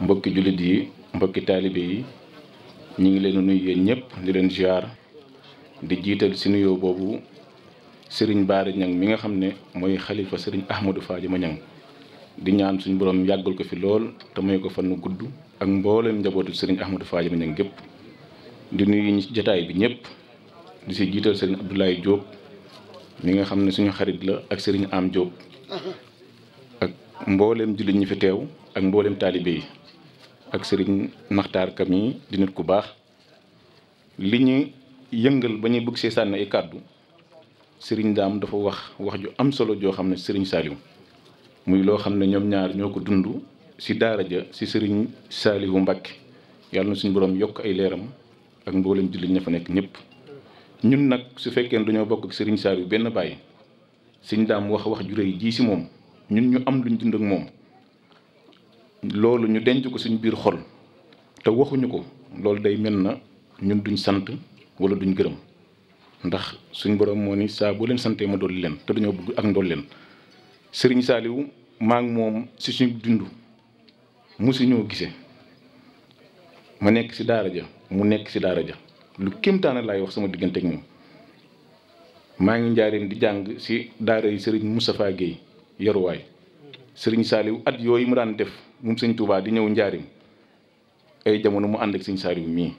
mbokki jullit yi mbokki taalibe yi ñu ngi leen nuyu yéen ñëpp di leen ziar di jiital si nuyoo boobu sëriñ baari Ñang mi nga xam ne mooy xalifa sëriñ Ahmadou Fadiama Ñang di ñaan suñu borom yàggal ko fi lool te may ko fan gudd ak mbooleem njabootu sëriñ Ahmadou Fadiama Ñang gépp di nuyu jataay bi ñëpp di si jiital sëriñ Abdoulaye Diop mi nga xam ne suñu xarit la ak sëriñ Am Diop ak mbooleem jullit ñi fi teew ak mbooleem taalibe yi ak sëriñ Maxtaar Ka mi di nit ku baax li ñu yëngal ba ñuy bëgg see sànni ay kàddu sëriñ daam dafa wax wax ju am solo joo xam ne sëriñ Saliou muy loo xam ne ñoom ñaar ñoo ko dund si daara ja si sëriñ Saliou Mbacke yàlla na suñu borom yokk ay leeram ak mboolem jullit ña fa nekk ñëpp ñun nag su fekkee dañoo bokk ak sëriñ Saliou benn bàyyi sëñ daam wax wax ju rëy jii si moom ñun ñu am luñ dund ak moom. loolu ñu denc ko suñu biir xol te waxuñu ko loolu day mel na ñun duñ sant wala duñ gërëm ndax suñ boroom moo ni saa boo leen santee ma dolli leen te dañoo bëgg ak ndool leen sëriñ Saaliw maa ngi moom si suñu dund mosuñoo gisee ma nekk si daara ja mu nekk si daara ja lu kéemtaane laay wax sama diggante ak maa ngi njaareem di jàng si daara yi sëriñ Moustapha Guèye yaruwaay sëriñ Saaliw at yooyu mu daan def moom sëñ Touba di ñëw njaarim ay jamono mu ànd ak sëñ Saliou mii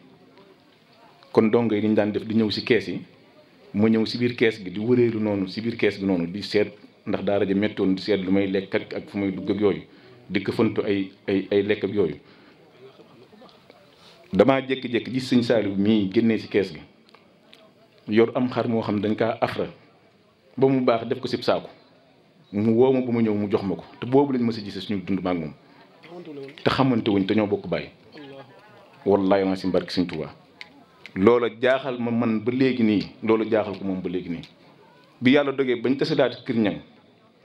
kon dongo yi dañu daan def di ñëw si kees yi mu ñëw si biir kees gi di wëreelu noonu si biir kees gi noonu di seet ndax daara ja méttoon di seet lu may lekk ak ak fu may dugg ak yooyu di këfantu ay ay ay lekk ak yooyu damaa jékki-jékki gis sëñ Saliou mii génnee si kees gi yor am xar moo xam dañ kaa afra ba mu baax def ko sib saako mu woo ma ba mu ñëw mu jox ma ko te boobu lañ ma si gisee suñu dund maag moom te xamante wuñ te ñoo bokk bàyyi wallaay naa si mbarki Sëñ Tuubaa loola jaaxal ma man ba léegi nii loola jaaxal ko moom ba léegi nii bi yàlla dogee bañ tase daati kër ñang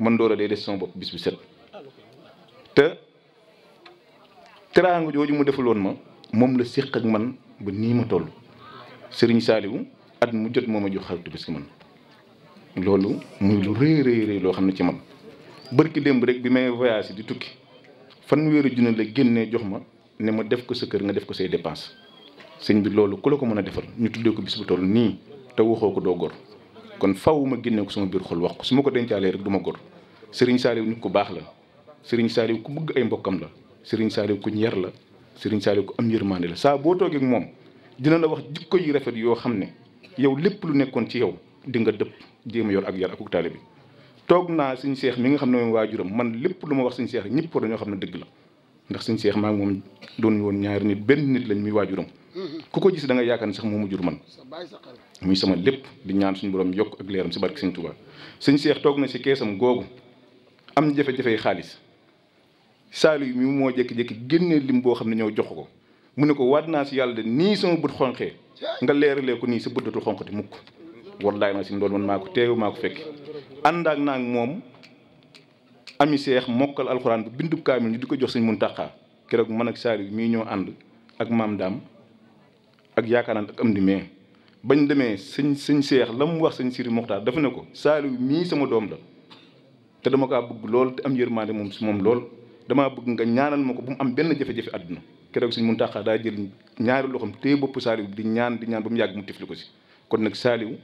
man loola day des sama bopp bis bu set te teraanga jooju mu defaloon ma moom la séq ak man ba nii ma toll Sëriñ Saaliwu at mu jot moom a jox xaritu bis ki man loolu muy lu rëy rëy loo xam ne ci man bërki démb bi may voyage di tukki fanweeri junne la génnee jox ma ne ma def ko sa kër nga def ko say dépense sëñ bi loolu ku la ko mën a defal ñu tuddee ko bis bu toll nii te waxoo ko doo gor kon faw ma génnee ko sama biir xol wax ko su ma ko dencaalee rek du ma gor Serigne Saliou nit ko baax la Serigne Saliou ku bëgg ay mbokkam la Serigne Saliou ku ñer la Serigne Saliou ku am yërmande la saa boo toogeek moom dina la wax jikko yi rafet yoo xam ne yow lépp lu nekkoon ci yow di nga dëpp jéem ak yar ak bi. toog naa suñu seex mi nga xam ne moom waajuram man lépp lu ma wax suñu seex ñëpp ñoo xam ne dëgg la ndax suñu seex maa ngi moom doon woon ñaari nit benn nit lañ muy waajuram mm-hmm. ku ko gis da nga yaakaar ne sax moomu jur man muy sama lépp di ñaan suñu borom yokk ak leeram si barke Sëñ Tuubaa suñu seex toog na si keesam googu am jafe-jafey xaalis Saliou mi moo jékki-jékki génnee boo xam ne ñëw jox ko mu ne ko waat naa si yàlla de nii sama bët xonqee nga leeralee ko nii sa xonq xonqati mukk mm-hmm. wallaay naa si loolu man maa ko teew maa ko fekk ànd ak naag moom ami seex mokkal alxuraan bi bindu kaamil ñu di ko jox sëñ Muntaxa keroog man ak saari mii ñoo ànd ak maam daam ak yaakaaraan ak am di mais bañ demee sëñ sëñ seex la mu wax sëñ Siri Moxtaar dafa ne ko saari mii sama doom la te dama kaa bëgg lool te am yërmande moom si moom lool damaa bëgg nga ñaanal ma ko bu mu am benn jafe-jafe àdduna keroog mun Muntaxa daa jël ñaari loxoom téye bopp saaliw di ñaan di ñaan ba mu yàgg mu tifli ko si kon nag saaliw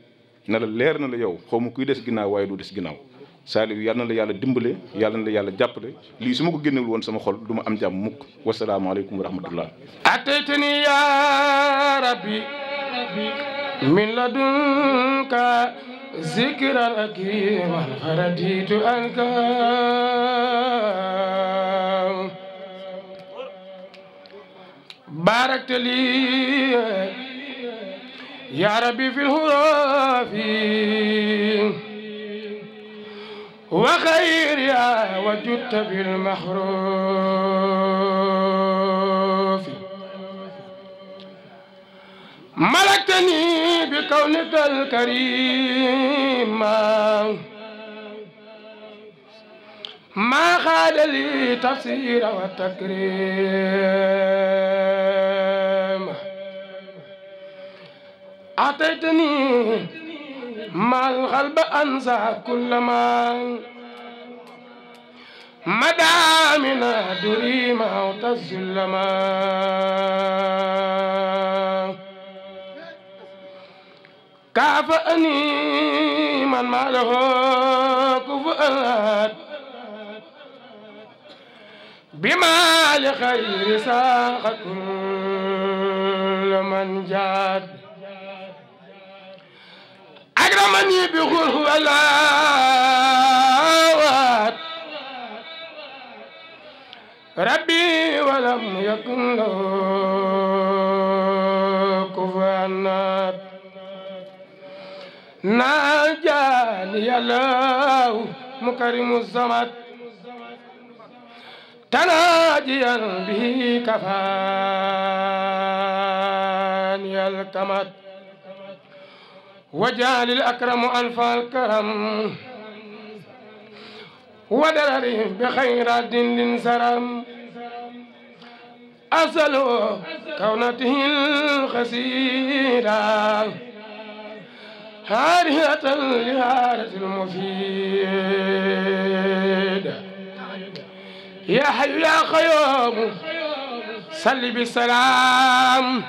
na la leer na la yow xaw ma kuy des ginnaaw waaye du des ginnaaw Saliou yàlla na la yàlla dimbale yàlla na la yàlla jàppale lii su ma ko génnewul woon sama xol du ma am jàmm mukk wasalaamaaleykum wa rahmatullah ataytani ya rabbi يا ربي في الهراف وخير يا وجدت في المحروف ملكتني بكونك الكريم ما خاد لي تفسير والتكريم أعطيتني ما القلب أنسى كلما مدى من أدري ما تسلما كافأني من ما له كفأت بما لخير ساق كل من جاد أكرمني بخلق والآوات ربي ولم يكن له كفوا النار ناجاني الله مكرم الزمد تناجيا به كفاني الكمد وجعل الأكرم أنف الكرم ودرر بخيرات لنسرم أسأل كونته الخسيرة هارهة لهارة المفيد يا حي يا خيوم صل بالسلام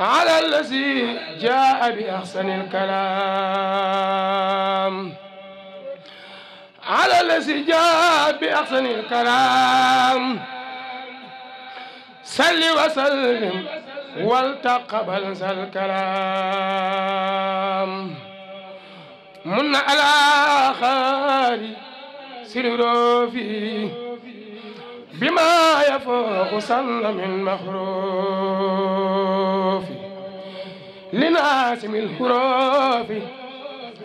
على الذي جاء بأحسن الكلام على الذي جاء بأحسن الكلام سل وسلم والتقبل ذا الكلام من على خاري سرور فيه بما يفوق سلم المحروف لناسم الحروف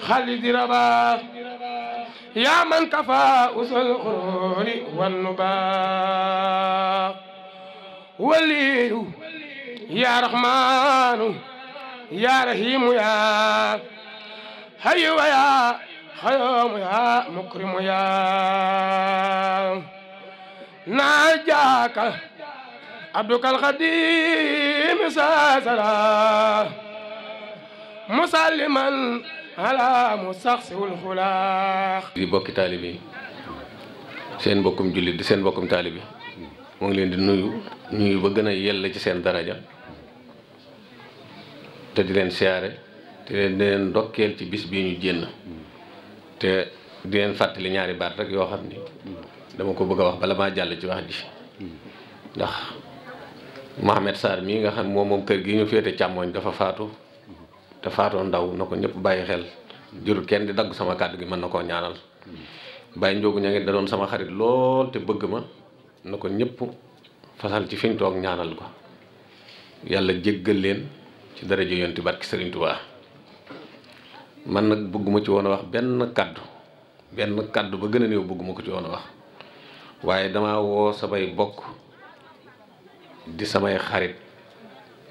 خالد رباه يا من كفى أسى القرون والنباه ولي يا رحمن يا رحيم يا حي ويا خيوم يا مكرم يا ناجاك عبدك القديم ساسلا مسلما على مستخص الخلاق di bokki taalibe yi seen bokkum jullit di seen bokkum taalibe moo ngi leen di nuyu nuyu ba gën a yell ci seen daraja te di leen siyaare te di leen dokkeel ci bis bii ñu jénn te di leen fàttali ñaari baat rek yoo xam ni dama ko bëgg a wax bala maa jàll ci wax ji ndax Mohamed Sarr mii nga xam moom moom kër gi ñu féete càmmooñ dafa faatu te faatoo ndaw na ko ñëpp bàyyi xel jurul kenn di dagg sama kàddu gi mën na koo ñaanal Baye Ndiogou ña sama xarit lool te bëgg ma na ko ñëpp fasal ci fiñ toog ñaanal ko yàlla jéggal leen ci daraja yonti barki Serigne Touba man nag bëgguma ci woon a wax benn kàddu benn kàddu ba gën a néew bëgguma ko ci woon a wax waaye dama woo samay bokk di samay xarit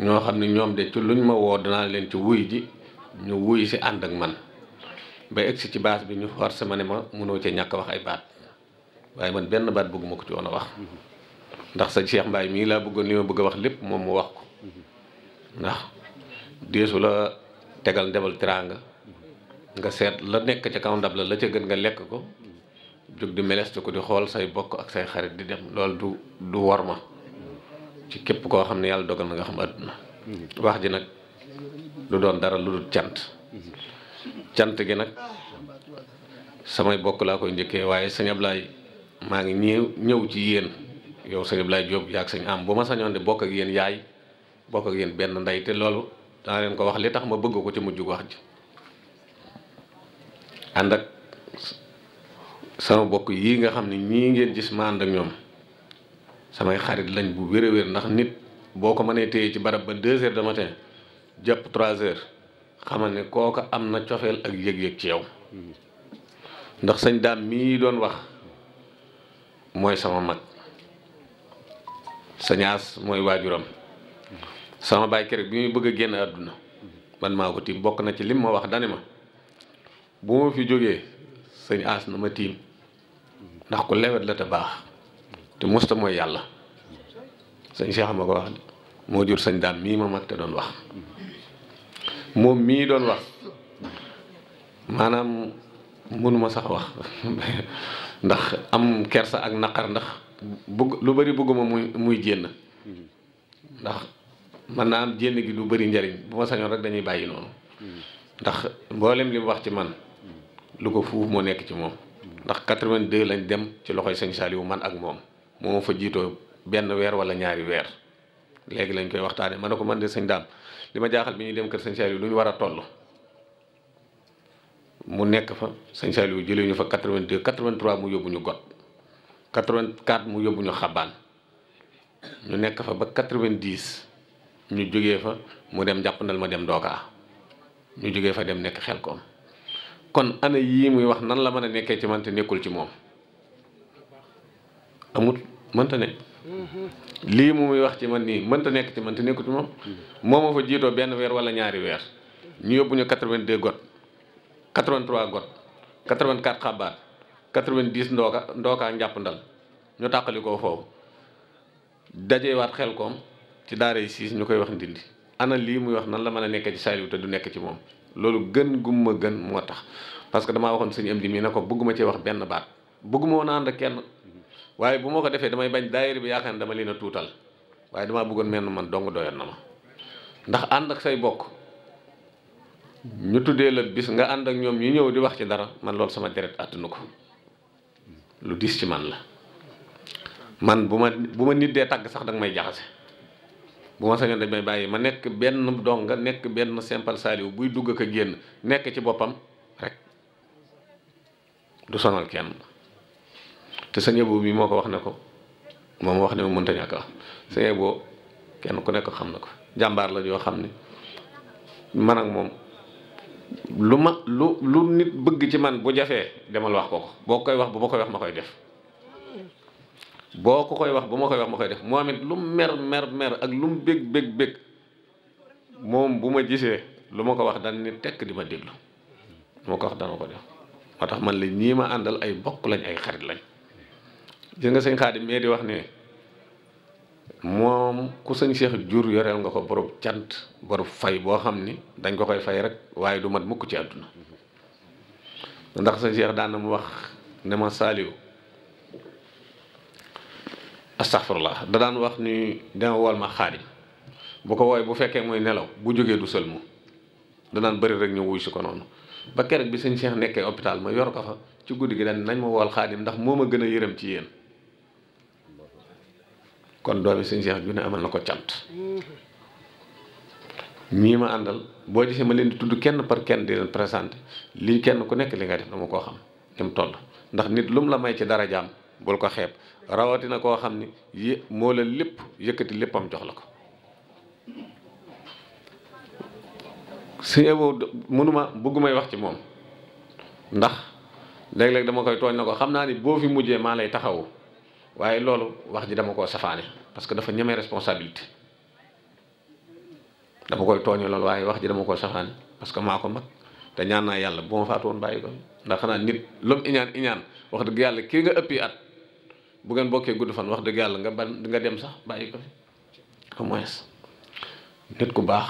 ñoo xam ne ñoom de ci luñ ma woo danaa leen ci wuy ji ñu wuy si ànd ak man ba egsi ci baas bi ñu forcé ma ne ma mënoo cee ñàkk wax ay baat waaye man benn baat bëgguma ko ci woon a wax ndax sa Cheikh Mbaye mii laa bëggoon li ma bëgg a wax lépp moom mu wax ko ndax deesu la tegal ndebal teraanga nga seet la nekk ca kaw ndab la la ca gën nga lekk ko jóg di meleste ko di xool say bokk ak say xarit di dem loolu du du war ma ci képp koo xam ne yàlla dogal na nga xam àdduna mhm. wax ji nag lu doon dara lu dul cant mhm. cant gi nag samay bokk laa koy njëkkee waaye sëñ maa ngi ñëw ñëw ci yéen yow sëñ Ablaye Diop yaa ak sëñ am bu ma sañoon di bokk ak yéen yaay bokk ak yéen benn ndey te loolu daa leen ko wax li tax ma bëgg ko ci mujj wax ji ànd ak sama bokk yii nga xam ne ñii ngeen gis ma ak ñoom samay xarit lañ bu wér a wér ndax nit boo ko mënee téye ci barab ba deux heures de matin jàpp trois heures xamal ne kooka am na cofeel ak yëg-yëg ci yow ndax sañ daam mii doon wax mooy sama mag sañaas mooy waajuram sama baay keroog bi muy bëgg a génn àdduna man maa ko tiim bokk na ci lim ma wax dani ma bu ma fi jógee sëñ aas na ma tiim ndax ku lewet la te baax te musta mooy yàlla sëñ Cheikh ma ko wax moo jur sëñ daam mii ma mag te doon wax moom mii doon wax maanaam mënuma sax wax ndax am kersa ak naqar ndax bëgg lu bari bëgguma muy muy jénn ndax man naa am jénn gi lu bari njariñ bu ma sañoon rek dañuy bàyyi noonu ndax mboolem li mu wax ci man lu ko fuuf moo nekk ci moom ndax 82 lañ dem ci loxo sëñ Saliou man ak moom moo fa jiitoo benn weer wala ñaari weer léegi lañ koy waxtaanee ma ne ko man de sëñ daam li ma jaaxal bi ñuy dem kër sëñ Saliou lu ñu war a toll. mu nekk fa sëñ Saliou jëlee ñu fa 82 83 mu yóbbu ñu got 84 mu yóbbu ñu xabaan ñu nekk fa ba 90 ñu jógee fa mu dem jàpp jàppandal ma dem dookaa ñu jógee fa dem nekk xel koom. kon ana yii muy wax nan la mën a nekkee ci man te nekkul ci moom amut mënta ne lii mu muy wax ci man nii mënta nekk ci man te nekkul ci moom mooma fa jiitoo benn weer wala ñaari weer ñu yóbbu ñu 82 got 83 got 84 xabaar 90 ndooka ndookaa njàpp ndal ñu tàqali koo foofu dajewaat xel koom ci daara yi siis ñu koy wax ndindi ana lii muy wax nan la mën a nekkee ci Saliou te du nekk ci moom loolu gën gum ma gën moo tax parce que damaa waxoon sëñ am di mii ne ko bëgguma cee wax benn baat bëgguma woon ànd ak kenn waaye bu ma ko defee damay bañ daayira bi yaakaar ne dama leen a tuutal waaye damaa bëggoon mel man dong doyoon na ma ndax ànd ak say bokk ñu tuddee la bis nga ànd ak ñoom ñu ñëw di wax ci dara man loolu sama deret àttanu ko lu diis ci man la man bu ma bu ma nit dee tàgg sax danga may jaxase bu ma sañoon dañ may bàyyi ma nekk benn donga nekk benn simple saaliw buy dugg ak a génn nekk ci boppam rek du sonal kenn te sëñ Abo bi moo ko wax ne ko moom wax ne mu mënta ñàkk wax sëñ kenn ku nekk xam na ko jàmbaar la yoo xam ne man ak moom lu ma lu lu nit bëgg ci man bu jafee demal wax ko ko boo koy wax bu ma koy wax ma koy def boo ko koy wax bu ma koy wax ma koy def moom it lu mer mer mer ak lu mu bég bég bég moom bu ma gisee lu ma ko wax dan ni tekk di ma déglu lu ma ko wax dana ko def moo tax man la ñii ma àndal ay bokk lañ ay xarit lañ gis nga sëñ Xaadim mee wax ne moom ku sëñ Cheikh jur yoreel nga ko borom cant borom fay boo xam ni dañ ko koy fay rek waaye du mat mukk ci àdduna ndax sëñ Cheikh daan na mu wax ne ma saaliw astaghfirullah da daan wax ni dama wol ma xaadim bu ko wooye bu fekkee mooy nelaw bu jógee du sëlmu danaan daan bëri rek ñu wuy si ko noonu ba keroog bi sëñ seex nekkee hôpital ma yor ko fa ci guddi gi daan nañ ma wool ndax moo gën a yërëm ci yéen kon doomi sëñ Cheikh ju ne amal na ko cant ñii ma àndal boo gisee ma leen di tudd kenn par kenn di leen présenté lii kenn ku nekk li nga def dama koo xam ni mu toll ndax nit lu mu la may ci dara jaam bul ko xeeb rawatina koo xam ni yé moo la lépp yëkkati léppam jox la ko sëñ Abo mënuma bëggumay wax ci moom ndax léeg-léeg dama koy tooñ na ko xam naa ni boo fi mujjee maa lay taxawu waaye loolu wax ji dama koo safaane parce que dafa ñemee responsabilité dama koy tooñu loolu waaye wax ji dama koo safaane parce que maa ko mag te ñaan naa yàlla bu ma faatu woon bàyyi ko ndax xanaa nit lu iñaan iñaan wax dëgg yàlla kii nga ëppi at bu ngeen bokkee gudd fan wax dëgg yàlla nga ban nga dem sax bàyyi ko fi au moins nit ku baax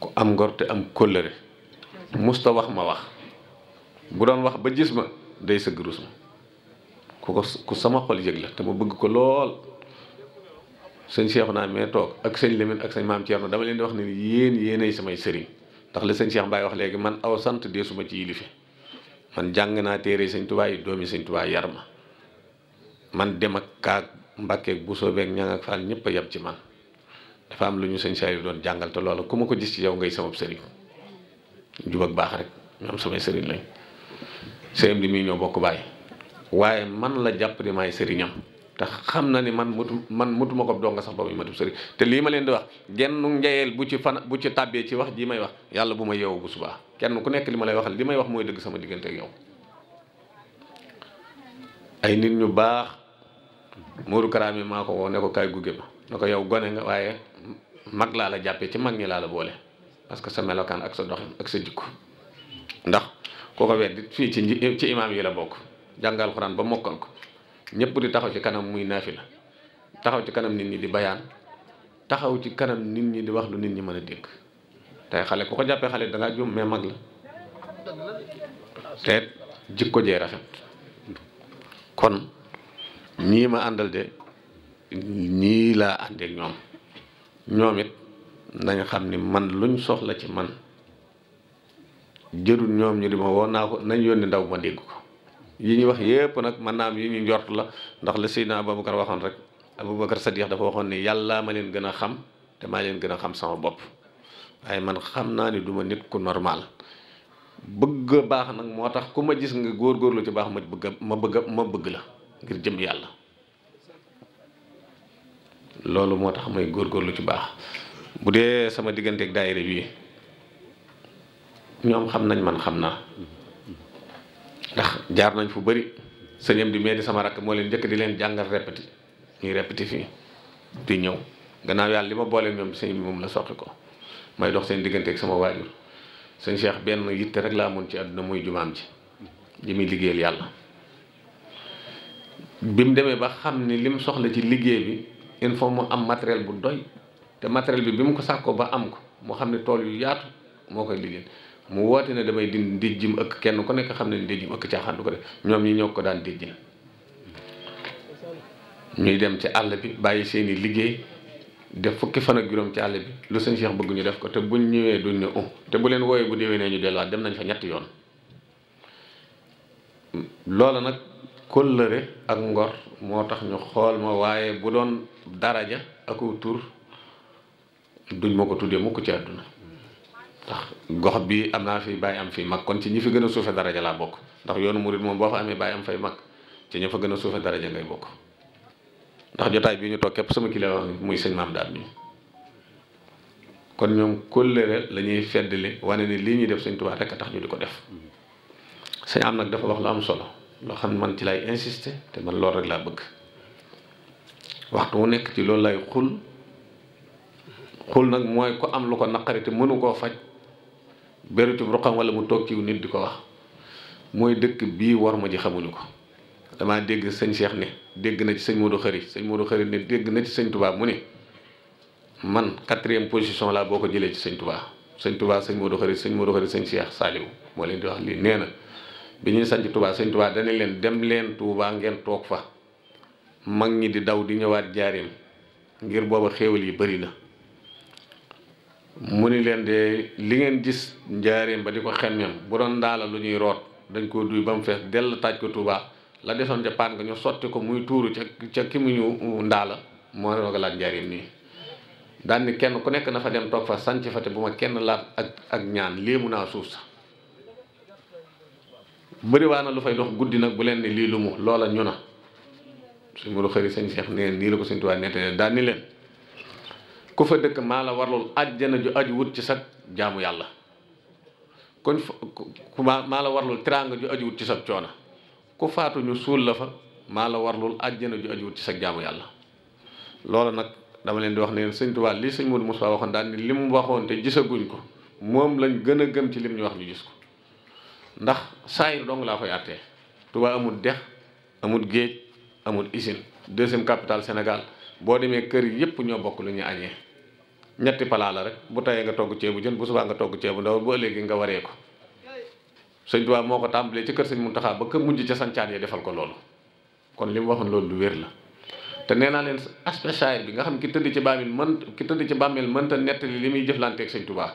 ku am ngor te am kóllëre musta wax ma wax bu doon wax ba jis ma day sëgg rus ma ku ko ku sama xol yëg la te ma bëgg ko lool sëñ Cheikh naa mais toog ak sëñ lemeen ak sëñ maam Thierno dama leen di wax ne yéen yéenay samay sëriñ ndax la sëñ Cheikh Mbaye wax léegi man aw sant dee suma ci yilife man jàng naa téere sëñ Tuubaa yi doomi sëñ Tuubaa yar ma man dem ak kaag mbàkkeeg bu soobeek ñang ak faal ñëpp a yem ci man dafa am lu ñu sëñ Saliou doon jàngal te loola ku ma ko gis ci yow ngay sama sëriñ jub ak baax rek ñoom samay sëriñ lañ sëriñ bi mii ñoo bokk bàyyi waaye man la jàpp ni maay sëriñam te xam na ni man mutu man mutuma ko donga sax ba muy matub sëriñ te lii ma leen di wax genn njayeel bu ci fan bu ci tàbbee ci wax ji may wax yàlla bu ma yeewu bu subaa kenn ku nekk li ma lay waxal li may wax mooy dëgg sama diggante ak yow ay nit ñu baax Modou karaam yi maa ko woo ne ko kaay gugge ma ne ko yow gone nga waaye mag laa la jàppee ci mag ñi laa la boole parce que sa melokaan ak sa doxin ak sa jikko ndax koo ko di fii ci ci imaam yi la bokk jàngal xuraan ba mokkal ko ñëpp di taxaw ci kanam muy naafi la taxaw ci kanam nit ñi di bayaan taxaw ci kanam nit ñi di wax lu nit ñi mën a dégg te xale ku ko jàppee xale dangaa juum mais mag la te jikko jee rafet kon ñii ma àndal de ñii laa àndeek ñoom ñoom it nañ xam ni man luñ soxla ci man jërul ñoom ñu di ma woo naa ko nañ yónni ndaw ma dégg ko yi ñuy wax yépp nag man naa am yi ñu njort la ndax la Seydina Aboubacar waxoon rek sa Sadiq dafa waxoon ni yàllaa ma leen gën a xam te maa leen gën a xam sama bopp waaye man xam naa ni duma nit ku normal bëgg baax nag moo tax ku ma gis nga góorgóorlu ci baax ma bëgg ma bëgg ma bëgg la ngir jëm yàlla loolu moo tax may góorgóorlu ci baax bu dee sama digganteeg daayira bi ñoom xam nañ man xam naa ndax jaar nañ fu bari sëñam di mee di sama moo leen njëkk di leen jàngal répéti ñuy répéti fii di ñëw gannaaw yàlla li ma boole ñoom sëñ bi moom la soqi ko may dox seen digganteeg sama waajur sëñ Cheikh benn yitte rek laa amoon ci àdduna muy jumaam ji ji muy liggéeyal yàlla bi mu demee ba xam ni li mu soxla ci liggéey bi il faut mu am matériel bu doy te matériel bi bi mu ko sàkkoo ba am ko mu xam ne tool yu yaatu moo koy liggéeyal mu woote ne damay dindi ndéjjim ëkk kenn ku nekk xam ne ndéjjim ëkk caaxaan du ko def ñoom ñi ñoo ko daan déjjil ñuy dem ci àll bi bàyyi seeni liggéey def fukki fan ak juróom ci àll bi lu sëñ Cheikh bëgg ñu def ko te buñ ñëwee duñ ne oh te bu leen wooyee bu déwénee ñu delluwaat dem nañ fa ñetti yoon loola nag kóllëre ak ngor moo tax ñu xool ma waaye bu doon daraja aku tur duñ ma ko tuddee mukk ci àdduna ndax gox bi am naa fi bàyyi am fi mag kon ci ñi fi gën a suufe daraja laa bokk ndax yoonu murit moom boo fa amee bàyyi am fay mag ci ñu fa gën a suufe daraja ngay bokk ndax jotaay bii ñu toog képp sama kilifa wax muy sëñ maam daal mi kon ñoom kóllëre la ñuy feddali wane ni lii ñuy def sëñ Tuubaa rek a tax ñu di ko def sëñ am nag dafa wax lu am solo loo xam ne man ci lay insisté te man loolu rek laa bëgg waxtu wu nekk ci loolu lay xul xul nag mooy ko am lu ko naqari te mënu koo faj berutum ruqam wala mu toog ci nit di ko wax mooy dëkk bii war ma ji xamuñu ko damaa dégg sëñ Cheikh ni dégg na ci sëñ Modou Khari sëñ Modou Khari ne dégg na ci sëñ Touba mu ne man quatrième position laa boo ko jëlee ci sëñ Touba sëñ Touba sëñ Modou Khari sëñ Modou Khari sëñ Cheikh Saliou moo leen di wax lii nee na bi ñuy sanc Touba sëñ Touba dana leen dem leen Touba ngeen toog fa mag ñi di daw di ñëwaat jaareem ngir booba xéewal yi bari na mu ni leen de li ngeen gis njaareem ba di ko xemmem bu doon daala lu ñuy root dañ koo duy ba mu fe dell taaj ko Touba la desoon ca paan nga ñu sotti ko muy tuuru ca ca ki mu ñu ndaala moo roog a laaj njariñ nii daan ni kenn ku nekk na fa dem toog fa sanc fa te bu ma kenn laat ak ak ñaan léemu naa suuf sa bëriwaa na lu fay dox guddi nag bu leen ni lii lu mu loola ñu na su muru xëri sëñ Cheikh neen nii la ko sëñ Tuubaa nettalee daan ni leen ku fa dëkk maa la warlul ajjana ju aj wut ci sa jaamu yàlla kon maa la warlul teraanga ju aj wut ci sa coono ku faatu ñu suul la fa maa la warlul àjjana ju ajuwut ci sa jaamu yàlla loolu nag dama leen di wax ne leen sëñ Tuubaa lii sëñ Modou Moussa waxoon daal ni li mu waxoon te gisaguñ ko moom lañ gën a gëm ci lim ñu wax ñu gis ko ndax saayir dong laa koy àttee Tuubaa amut dex amul géej amul usine deuxième capital senegal boo demee kër yépp ñoo bokk lu ñuy añee ñetti palaa rek bu tayee nga togg ceebu jën bu subaa nga togg ceebu ndaw bu ëllëgee nga waree ko sëñ Tuubaa moo ko tàmbalee ci kër sëñ Muntaxa ba kër mujj ca sancaan ya defal ko loolu kon li mu waxoon loolu lu wér la te nee naa leen aspect saayir bi nga xam ki tëdd ci bàmmeel mën ki tëdd ci bàmmeel mënta nettali li muy jëflanteeg sañ Tuubaa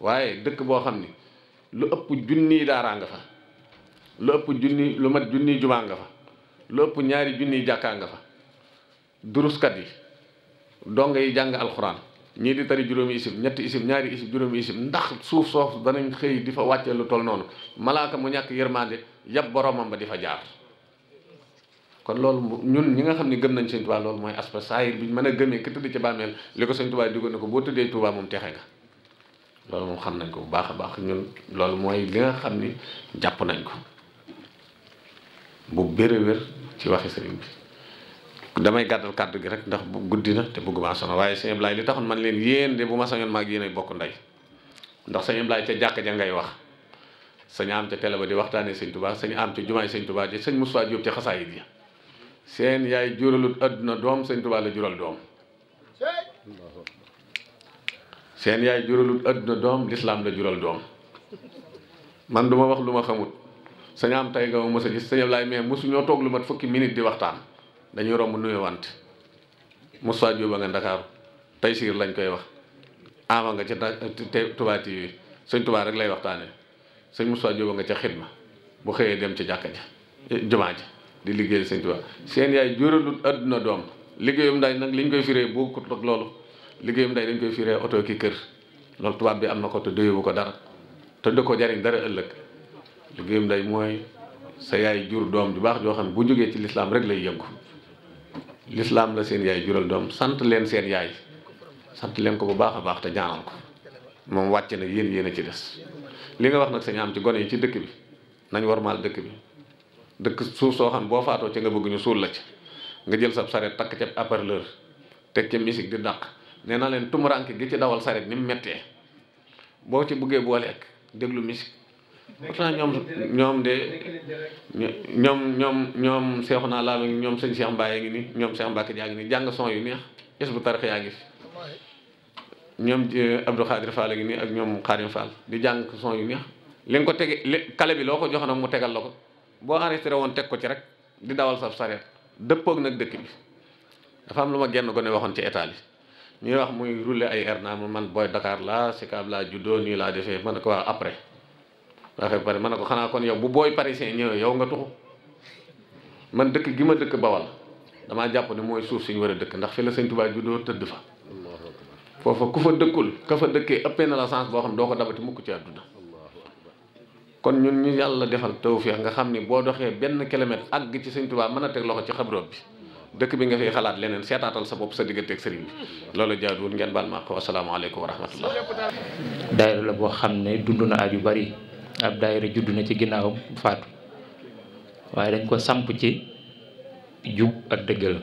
waaye dëkk boo xam ni lu ëpp junniy daaraa nga fa lu ëpp junni lu mat junniy jumaa nga fa lu ëpp ñaari junniy jàkkaa nga fa duruskat yi donga yi jàng alxuraan ñii di tari juróomi isib ñetti isib ñaari isib juróomi isib ndax suuf soof danañ xëy di fa wàccee lu toll noonu malaaka mu ñàkk yërmande yàpp boromam ba di fa jaar kon loolu ñun ñi nga xam ne gëm nañ sëñ Tuubaa loolu mooy aspect saayir bi mën a gëmee ki tëdd ci bàmmeel li ko sëñ Tuubaa digoon na ko boo tëddee Tuubaa moom texe nga loolu moom xam nañ ko bu baax a baax ñun loolu mooy li nga xam ni jàpp nañ ko bu béré ci waxi sëriñ bi damay gàddal kàddu gi rek ndax guddi na te bëgguma sonal waaye sëñ Ablaye li taxoon man leen yéen de bu ma sañoon maag yéenay bokk ndey ndax sëñ Ablaye ca jàkk ja ngay wax sañ am ca télé ba di waxtaanee sëñ Tuubaa sañ am ca jumaay sëñ Tuubaa ji ca xasaayit yi seen yaay juralut doom sëñ Tuubaa la jural yaay juralut àdduna doom lislaam la jural doom man du ma wax lu ma xamut sañ am tey nga ma mos a gis sëñ mais mosu ñoo toog lu ma fukki minit di waxtaan dañuy romb nuyu want Moussa Diop a nga Ndakaaru tey siir lañ koy wax ama nga ca Touba TV sëñ Touba rek lay waxtaanee sëñ Moussa Diop nga ca xidma bu xëyee dem ca jàkka ja eh, jumaa ja di liggéey sëñ Touba seen yaay juralut àdduna doom liggéeyum nday nag liñ koy firee bokkut ak loolu liggéeyum nday dañ koy firee oto ki kër loolu tubaab bi am na ko te doyewu ko dara te du ko jariñ dara ëllëg liggéeyum nday mooy sa yaay jur doom ju baax joo xam ne bu jógee ci lislaam rek lay yëngu lislaam la seen yaay jural doom sant leen seen yaay sant leen ko bu baax a baax te ñaanal ko moom wàcc na yéen yéen a ci des li nga wax nag sañ am ci gone yi ci dëkk bi nañu war maal dëkk bi dëkk suuf soo xam boo faatoo ci nga bëgguñu ñu suul la ci nga jël sab saret takk ca apparleur teg ca musique di dàq nee na leen tumuranke gi ci dawal saret ni mu méttee boo ci buggee booleek déglu musique pourtant ñoom ñoom de ñoom ñoom ñoom seexu naa laa ngi ñoom sëñ Cheikh Mbaye ngi nii ñoom Cheikh Mbacke yaa ngi nii jàng son yu neex gis bu tarix yaa ngi fi ñoom eh, Abdou Khadir Fall nii ak ñoom Khadim Fall di jàng son yu neex li nga ko tege kale bi loo ko jox nag mu tegal la ko boo enregistré woon teg ko ci rek di dawal sa sareet dëppoog nag dëkk bi dafa am lu ma genn ko gone waxoon ci état bi ñuy wax muy rule ay air naa man booy dakaar la laa Sicap laa juddoo nii laa defee man ko wax après waxee pare ma ne ko xanaa kon yow bu booy parisien ñëwee yow nga tuxu man dëkk gi ma dëkk bawal damaa jàpp ne mooy suuf suñu war a dëkk ndax fi la sëñ Tuubaa doo tëdd fa foofa ku fa dëkkul ka fa dëkkee ëppee na la chance boo xam doo ko dabati mukk ci àdduna kon ñun ñu yàlla defal tawfeex nga xam ni boo doxee benn kilomètre àgg ci sëñ Tuubaa mën a teg loxo ci xabroot bi dëkk bi nga fiy xalaat leneen seetaatal sa bopp sa digganteeg sëriñ bi loolu jaaduwul ngeen baal ma ko wasalaamaaleykum wa rahmatullah daayira la boo xam ne dund na at yu bari ab daayira judd na ci ginnaawam faatu waaye dañ ko samp ci jub ak dëggal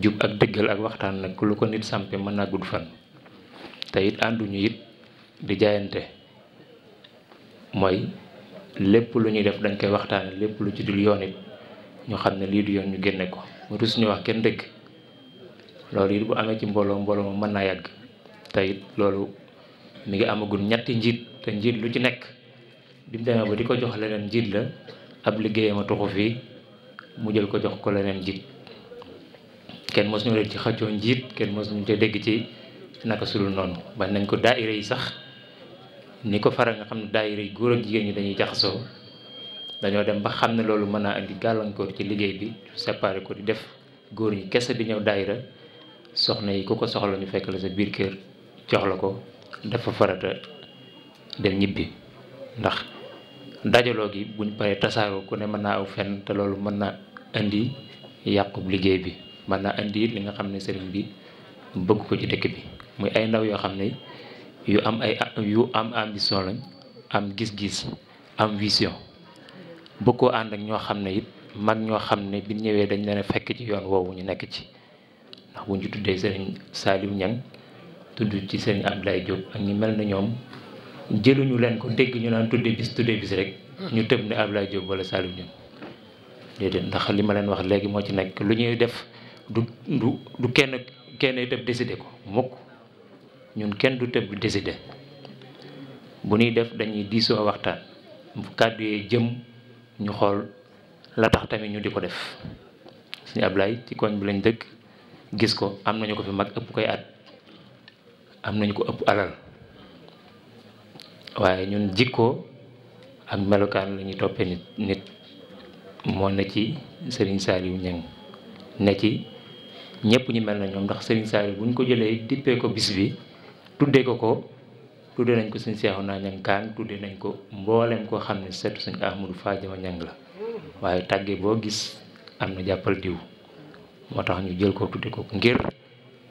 jub ak dëggal ak waxtaan nag lu ko nit sampe mën naa gudd fan te it ànduñu it di jaayante mooy lépp lu ñu def dañ koy waxtaane lépp lu ci dul yoon it ñu xam ne lii du yoon ñu génne ko mu rus ñu wax kenn dëgg loolu it bu amee ci mbooloo mbooloo ma mën naa yàgg te it loolu mi ngi amagul ñetti njiit te njiit lu ci nekk bi mu ba di ko jox leneen njiit la ab liggéeyam a tuxu fii mu jël ko jox ko leneen njiit kenn mos ñu ci xëccoo njiit kenn mos ñu te dégg ci naka sulul noonu ba nañ ko daayira yi sax ni ko faral nga xam ne daayira yi góor ak jigéen ñi dañuy jaxasoo dañoo dem ba xam ne loolu mën naa indi gàllankoor ci liggéey bi séparé ko di def góor ñi kese di ñëw daayira soxna yi ku ko soxla ñu fekk la sa biir kër jox la ko dafa dem ñibbi ndax dajaloo gi buñ paree tasaaroo ku ne mën naa aw fenn te loolu mën naa indi yàqub liggéey bi mën naa indi li nga xam ne sëriñ bi bëgg ko ci dëkk bi muy ay ndaw yoo xam ne yu am ay yu am ambition lañ am gis-gis am vision bëgg koo ànd ñoo xam ne it mag ñoo xam ne bi ñëwee dañ leen a fekk ci yoon woowu ñu nekk ci ndax buñ ci tuddee sëriñ Saliou ñan tudd ci sëriñ Abdoulaye Diop ak ñi mel na ñoom jëluñu leen ko dégg ñu naan tudde bis tudde bis rek ñu tëb ni Abdoulaye Diop wala Saliou Diop déedéet ndax li ma leen wax léegi moo ci nekk lu ñuy def du du du kenn kenn tëb décider ko mukk ñun kenn du tëb décider bu ñuy def dañuy diisoo waxtaan kàddu yee jëm ñu xool la tax tamit ñu di ko def suñu Ablaye ci koñ bi lañ dëkk gis ko am nañu ko fi mag ëpp koy at am nañu ko ëpp alal waaye ñun jikkoo ak melokaan lañuy ñu toppee nit nit moo ne ci Serigne Saliou Niang ne ci ñëpp ñu mel na ñoom ndax Serigne Saliou buñ ko jëlee dippee ko bis bi tuddee ko ko tuddee nañ ko suñ seexu naa ñang kaan tuddee nañ ko mbooleem koo xam ne seetu suñ Ahmadou Fadiama Niang la waaye tàgge boo gis am na jàppal diw moo tax ñu jël ko tuddee ko ngir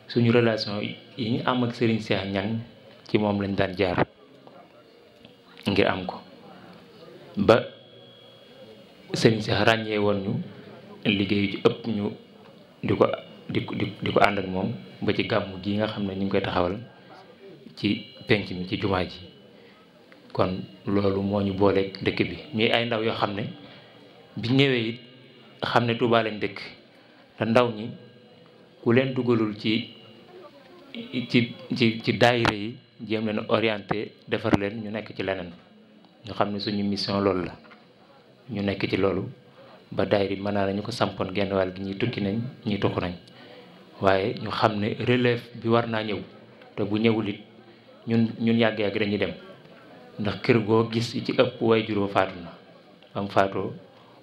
suñu relation yi ñu am ak sëriñ Cheikh Niang ci moom lañ daan jaar ngir am ko ba sëriñ sax ràññee woon ñu liggéeyu ci ëpp ñu di ko di ko ànd ak moom ba ci gàmmu gi nga xam ne ñu ngi koy taxawal ci penc mi ci jumaa ji kon loolu moo ñu booleeg dëkk bi ñuy ay ndaw yoo xam ne bi ñëwee it xam ne Tuubaa leen dëkk te ndaw ñi ku leen dugalul ci ci ci ci daayira yi jéem leen orienté defar leen ñu nekk ci leneen ñu xam ne suñu mission loolu la ñu nekk ci loolu ba daayri mën naa la ñu ko sampoon genn wàll gi ñuy nañ ñuy tukku nañ waaye ñu xam ne relève bi war naa ñëw te bu ñëwul it ñun ñun yàgg-yàgg dañuy dem ndax kër goo gis ci ëpp way juróom faatu na am faatoo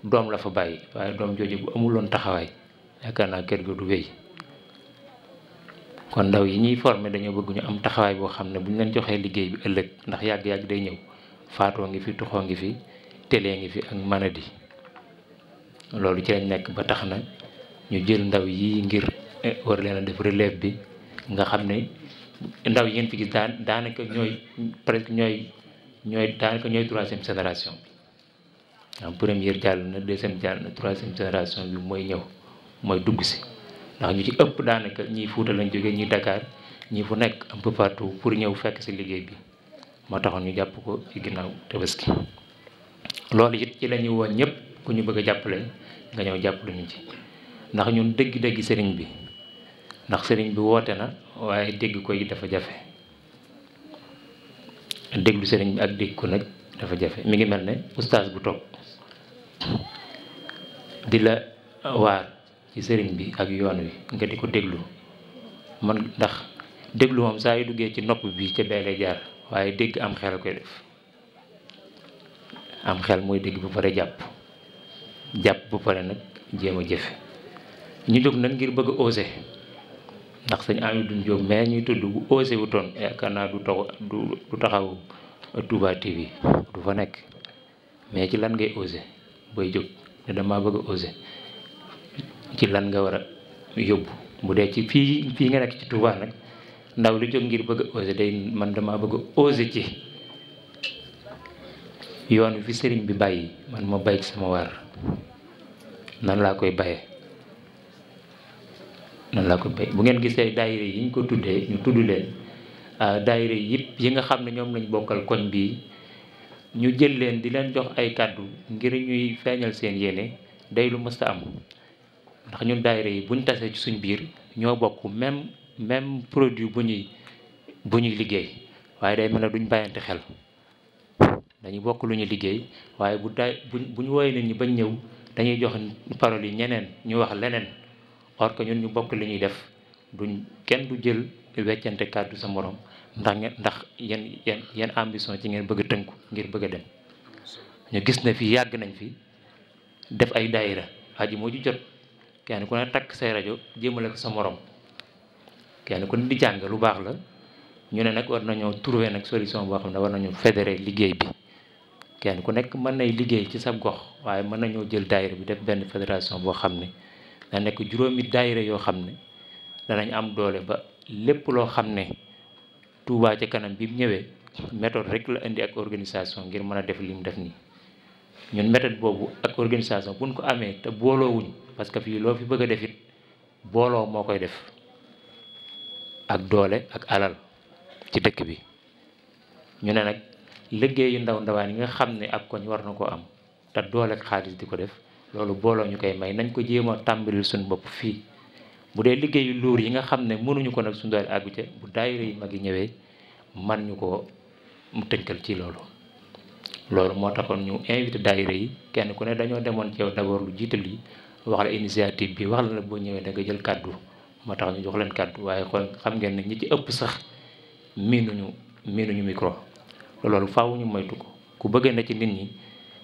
doom la fa bàyyi waaye doom jooju bu amuloon taxawaay yaakaar naa kër ga du wéy kon ndaw yi ñuy former dañoo bëgg ñu am taxawaay boo xam ne bu ñu leen joxee liggéey bi ëllëg ndax yàgg-yàgg day ñëw faatoo ngi fi tuxoo ngi fi télé ngi fi ak manadi loolu ci lañ nekk ba tax na ñu jël ndaw yi ngir eh, war leen a def relève bi nga xam ne ndaw yi ngeen fi gis daan daanaka ñooy presque ñooy ñooy daanaka ñooy troisième génération bi am première jàll na deuxième jàll na troisième génération bi mooy ñëw mooy dugg si ndax ñu ci ëpp daanaka ñii Fuuta lañ jóge ñii Dakar ñii fu nekk un peu partout pour ñëw fekk si liggéey bi moo taxoon ñu jàpp ko ci ginnaaw tabaski loolu it ci la ñuy woon ñëpp ku ñu bëgg a jàppale nga ñëw jàppale ñu ci ndax ñun dégg-dégg sëriñ bi ndax sëriñ bi woote na waaye dégg ko yi dafa jafe déglu sëriñ bi ak dégg ko nag dafa jafe mi ngi mel ne ustaas bu toog di la waar ci sëriñ bi ak yoon wi nga di ko déglu man ndax déglu moom saa yu duggee ci nopp bi ca beele jaar waaye dégg am xel koy def am xel mooy dégg bu pare jàpp jàpp bu pare nag jéem a jëfe ñu jóg nag ngir bëgg a osé ndax sañ am duñ jóg mais ñuy tudd bu osé wu toon yaakaar naa du taxaw du taxaw Touba TV du fa nekk mais ci lan ngay osé booy jóg ne dama bëgg a ci lan nga war a yóbbu bu dee ci fii fii nga nekk ci Touba nag ndaw lu jóg ngir bëgg a osé day man dama bëgg a ci yoon wi fi sëriñ bi bàyyi man ma bay ci sama waar nan laa koy baye nan laa koy bay bu ngeen gisee daayira yi ñu ko tuddee ñu tudd leen ah, daayira yépp yi nga xam ne ñoom lañ bokkal koñ bii ñu jël leen di leen jox ay kàddu ngir ñuy feeñal seen yéene day lu mësta am ndax ñun daayira yi bu ñu tasee ci suñ biir ñoo bokk même même produit bu ñuy bu ñuy liggéey waaye day mel na duñ bàyyante xel dañuy bokk lu ñu liggéey waaye bu daay bu bu ñu woowee nit ñi bañ ñëw dañuy jox parole yi ñeneen ñu wax leneen or que ñun ñu bokk li ñuy def duñ kenn du jël weccante kàddu sa moroom ndax ngeen ndax yeen yeen yeen ambition ci ngeen bëgg a tënku ngir bëgg a dem ñu gis na fi yàgg nañ fi def ay daayira aji ju jot kenn ku ne takk say rajo jëmale ko sa morom kenn ku ne di jàng lu baax la ñu ne nag war nañoo trouver nag solution boo xam ne war nañu fédérer liggéey bi kenn ku nekk mën nay liggéey ci sa gox waaye mën nañoo jël daayira bi def benn fédération boo xam ne da nekk juróomi daayira yoo xam ne danañ am doole ba lépp loo xam ne Touba ci kanam bi ñëwee méthode rek la indi ak organisation ngir mën a def li mu def nii. ñun méthode boobu ak organisation buñ ko amee te booloowuñ parce que fii loo fi bëgg a def it booloo moo koy def ak doole ak alal ci dëkk bi ñu ne nag liggéey yu ndaw ndawaan yi nga xam ne ab koñ war na ko am te doole ak xaalis di ko def loolu booloo ñu koy may nañ ko jéem a tàmbalil suñu bopp fii bu dee liggéeyu luur yi nga xam ne mënuñu ko nag suñu doole àggu bu day yi mag yi ñëwee man ñu ko mu tënkal ci loolu loolu moo taxoon ñu invité daayira yi kenn ku ne dañoo demoon ci yow lu jiital yi wax la initiative bi wax la ne boo ñëwee da nga jël kàddu moo tax ñu jox leen kàddu waaye kon xam ngeen ne ñi ci ëpp sax miinuñu miinuñu micro loolu faaw ñu moytu ko ku bëgg na ci nit ñi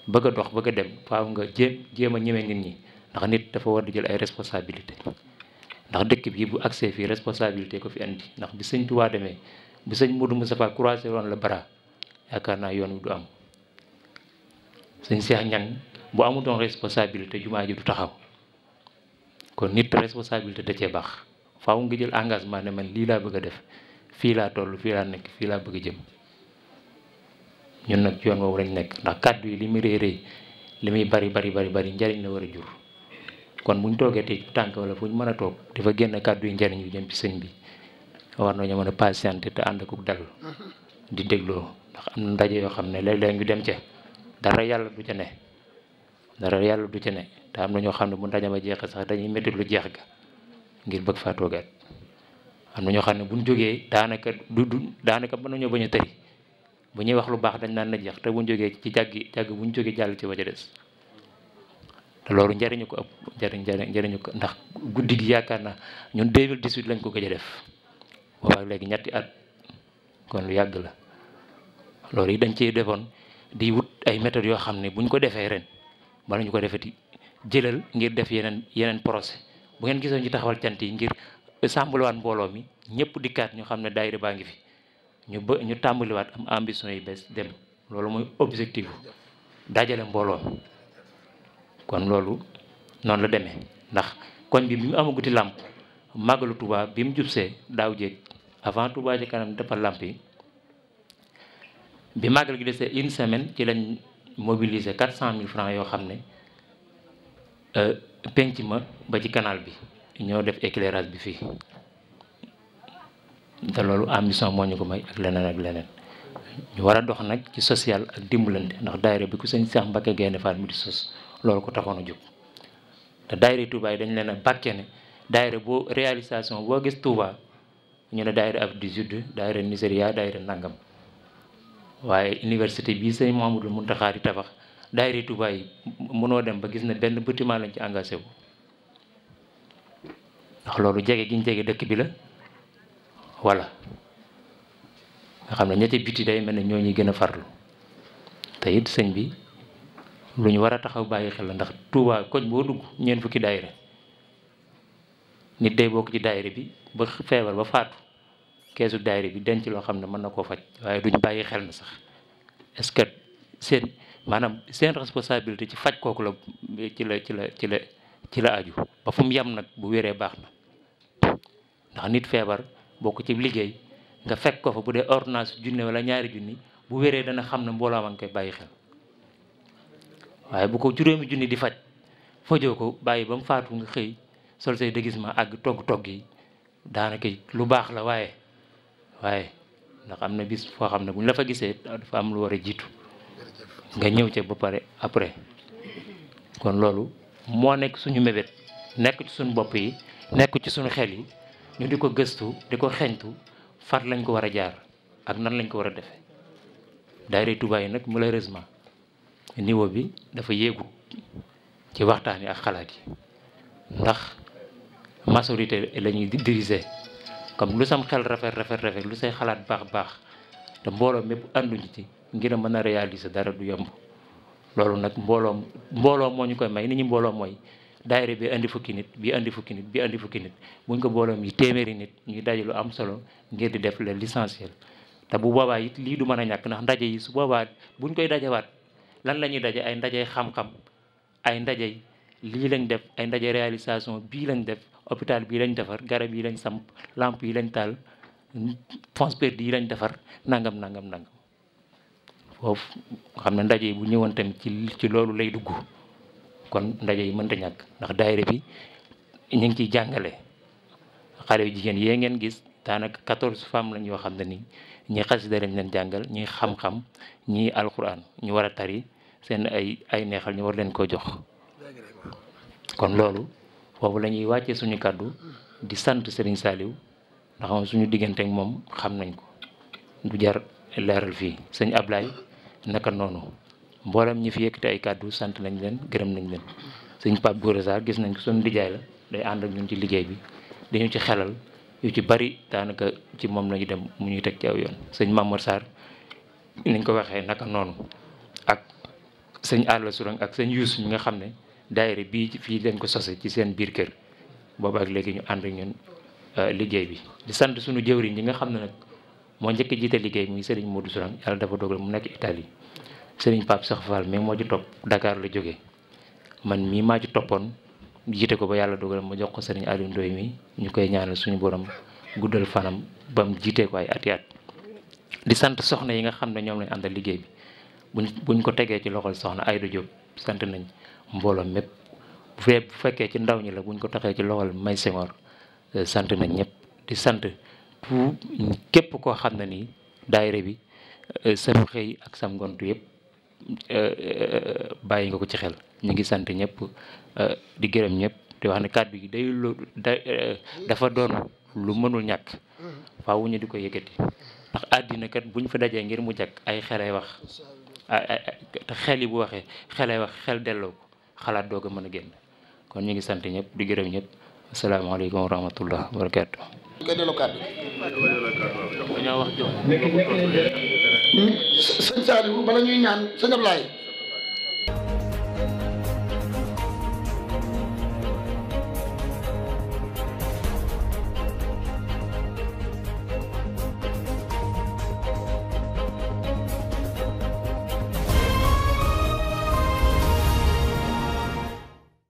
bëgg a dox bëgg a dem faaw nga jéem jéem a ñeme nit ñi ndax nit dafa war di jël ay responsabilité ndax dëkk bi bu acce fii responsabilité ko fi indi ndax bi sëñ waa demee bi sëñ Modou Moustapha croisé woon la bara yaakaar naa yoon wi du am sëñ Cheikh ñang bu amutoon responsabilité jumaa ji du taxaw kon nit responsabilité da cee baax faaw nga jël engagement ne man lii laa bëgg a def fii laa toll fii laa nekk fii laa bëgg a jëm ñun nag ci yoon woowu lañ nekk ndax kàddu yi li muy rëy rëy li muy bari bari bari bari njariñ la war a jur kon buñ toogee te tànk wala fu ñu mën a toog dafa génn kàddu yi njariñ yu jëm ci sëñ bi war nañu mën a patienter te ànd ak dal di dégloo ndax am na ndaje yoo xam ne léeg dara yàlla du ca ne dara yàlla du ca ne te am na ñoo xam ne bu ndaje ma jeex sax dañuy métti lu jeex ga ngir bëgg faa toogaat am na ñoo xam ne bu ñu jógee daanaka du du daanaka mën nañoo ba ñu tëri bu ñuy wax lu baax dañ naan na jeex te bu ñu jógee ci jàggi jàggi bu ñu jógee jàll ci ba ca des te loolu njëriñu ko ëpp njëriñ njëriñu ko ndax guddi gi yaakaar naa ñun 2018 lañ ko gëj a def boobaak léegi ñetti at kon lu yàgg la loolu yi dañ ciy defoon di wut ay méthodes yoo xam ne bu ñu ko defee ren bala ñu ko defee ti jëlal ngir def yeneen yeneen procès bu ngeen gisoon ci taxawal cant yi ngir sàmbaliwaat mbooloo mi ñëpp dikkaat ñu xam ne daayira baa ngi fi ñu ba ñu tàmbaliwaat am ambition yi bees dem loolu mooy objectif dajale mbooloo mi kon loolu noonu la demee ndax koñ bi bi mu amaguti làmp lu Tuubaa bi mu jubsee daaw jéeg avant Tuubaa ci kanam dafa làmp yi bi màggal gi desee une semaine ci lañ mobiliser quatre cent mille francs yoo xam ne euh, penc ma ba ci canal bi ñoo def éclairage bi fii te loolu ambition moo ñu ko may ak leneen ak leneen ñu war a dox nag ci social ak dimbalante ndax daayira bi ku sëñ Seex Mbàkke Gaynde Faat mu di sos loolu ko taxoon a jóg te daayira Touba dañ leen a bàkkee ne daayira boo réalisation boo gis Touba ñu ne daayira ab di judd daayira Nigeria daayira nangam waaye université bii sëñ Mouhamadou Mountakha di tabax daayira Touba yi mënoo dem ba gis ne benn bâtiment lañ ci engagé wu ndax loolu jege giñ jege dëkk bi la walla nga xam ne ñetti biti day mel ne ñoo ñuy gën a farlu te it sëñ bi lu ñu war a taxaw bàyyi xel la ndax Touba koñ boo dugg ñeent fukki daayira nit day bokk ci daayira bi ba feebar ba faatu keesu daayira bi denc loo xam ne mën na koo faj waaye duñ bàyyi xel na sax est-ce que seen maanaam seen responsabilité ci faj kooku la ci la ci la ci la ci la aju ba fu mu yem nag bu wéree baax na ndax nit feebar bokk ci liggéey nga fekk ko fa bu dee ordonnance junne wala ñaari junni bu wéree dana xam ne mbooloo ma ngi koy bàyyi xel waaye bu ko juróomi junni di faj fajoo ko bàyyi ba mu faatu nga xëy sol say déguisement àgg togg-togg yi daanaka lu baax la waaye waaye ndax am na bis foo xam ne bu ñu la fa gisee dafa am lu war a jiitu nga ñëw ca ba pare après kon loolu moo nekk suñu mébét nekk ci suñu bopp yi nekk ci suñu xel yi ñu di ko gëstu di ko xeñtu far lañ ko war a jaar ak nan lañ ko war a defee daayira Tuubaa yi nag malheureusement niveau bi dafa yéegu ci waxtaan yi ak xalaat yi ndax majorité la ñuy comme lu sam xel rafet rafet rafet lu say xalaat baax baax te mbooloo mépp ñu ci ngir a mën a réaliser dara du yomb loolu nag mbooloom mbooloo moo ñu koy may ni ñu mbooloo mooy daayira bi indi fukki nit bi indi fukki nit bi indi fukki nit buñ ko mbooloo yi téeméeri nit ñuy daje lu am solo ngir di def le l'essentiel te bu boobaa it lii du mën a ñàkk ndax ndaje yi su boobaa buñ koy dajawaat lan la ñuy daje ay ndaje xam-xam ay ndaje lii lañ def ay ndaje réalisation bii lañ def hôpital bii lañ defar garab yi lañ samp lamp yi lañ taal fonds perdus yi lañ defar nangam nangam nangam foofu xam na ndaje yi bu ñëwoon tamit ci ci loolu lay dugg kon ndaje yi mënta ñàkk ndax daayira bi ñu ngi ciy jàngale xare yu jigéen yee ngeen gis daanaka quatorze femmes lañ yoo xam ne nii ñi xasida lañ leen jàngal ñi xam-xam ñi alquran ñu war a tari seen ay ay neexal ñu war leen koo jox kon loolu foofu la ñuy wàccee suñu kàddu di sant Serigne saaliw ndax suñu diggante ak moom xam nañ ko du jar leeral fii sëñ Ablaye naka noonu mboolem ñi fi yëkkati ay kàddu sant nañ leen gërëm nañ leen sëñ Pape Gora Sarr gis nañ ko suñu dijaay la day ànd ak ñun ci liggéey bi dañu ci xelal yu ci bari daanaka ci moom lañu dem mu ñuy teg ci aw yoon sëñ Mamour Sarr niñ ko waxee naka noonu ak sëñ Alla Sourang ak sëñ Youssou mi nga xam ne daayira bii fii dañ ko sose ci seen biir kër booba léegi ñu ànd ñun euh, liggéey bi di sant suñu jëwriñ ñi nga xam ne nag moo njëkk jiite liggéey muy sëriñ Modou Sourang yàlla dafa dogal mu nekk Italie sëriñ Pape Cheikh Fall mais moo ci topp Dakar la jógee man mii maa ci toppoon jiite ko ba yàlla dogal ma jox ko sëriñ Aliou Ndoye mi koy ñaanal suñu borom guddal fanam ba mu jiitee ko ay di sant soxna yi nga xam ne ñoom lañ àndal liggéey bi buñ buñ ko tegee ci loxol soxna Aïda Diop sant nañ mbooloo mépp bu fekkee ci ndaw ñi la buñ ko taxee ci loxol may Senghor euh, sant nañ ñëpp di sant pour képp koo xam ne nii daayira bi euh, sam xëy ak sam ngont yëpp euh, bàyyi nga ko ci xel ñu ngi sant ñëpp di gërëm ñëpp di wax ne kàddu gi day lu dafa doon lu mënul ñàkk faaw di ko yëkkati ndax àddina kat buñ fa dajee ngir mu jàkk ay xelay wax xel yi bu waxee xelay wax xel delloo xalaat doo ko mën a génn kon ñu ngi sant ñëpp di gërëm ñëpp asalaamaaleykum wa rahmatullah wa barakaatu. koy delloo kàddu. dañoo wax jox. bala ñuy ñaan sëñ Ablaye